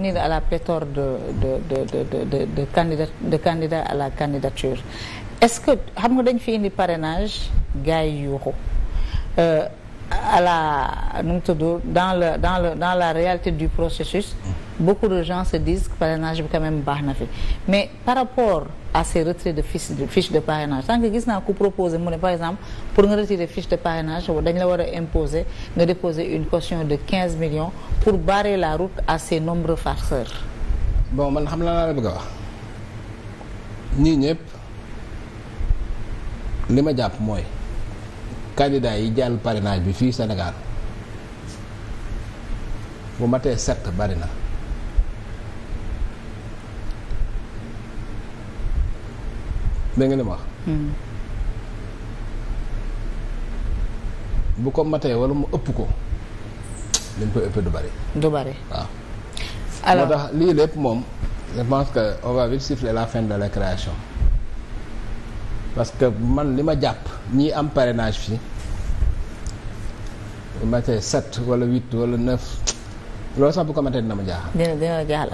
soutenir à la pléthore de de de de de de candidat à la candidature est-ce que xam nga dañ fi indi parrainage gars yi yuuxu euh, à la nu mu tudd dans le dans le dans la réalité du processus beaucoup de gens se disent que parrainage bi quand baax na fi mais par rapport à ces retraits de fiches de fiche de parrainage tant que gis naa ku proposé mu ne exemple pour nga retirer fiche de parrainage dañ la war a imposer nga déposé une caution de 15 millions pour barrer la route à ces nombreux farceurs. bon man xam naa la bëgg a wax ñii ñëpp li ma jàpp mooy. candidat yi jàll parrainage bi fii Sénégal bu matee sept bari na nga ne ma wax hmm. bu ko matee wala mu ëpp ko dañ koy ëppee du bari du bari waaw alors moo lii lépp moom je pense que on va vite la fin de la création parce que man li ma jàpp ñi am parrainage fii bu matee sept wala huit wala neuf loolu sax bu ko matee dina ma jaaxal. dina dina jaaxal.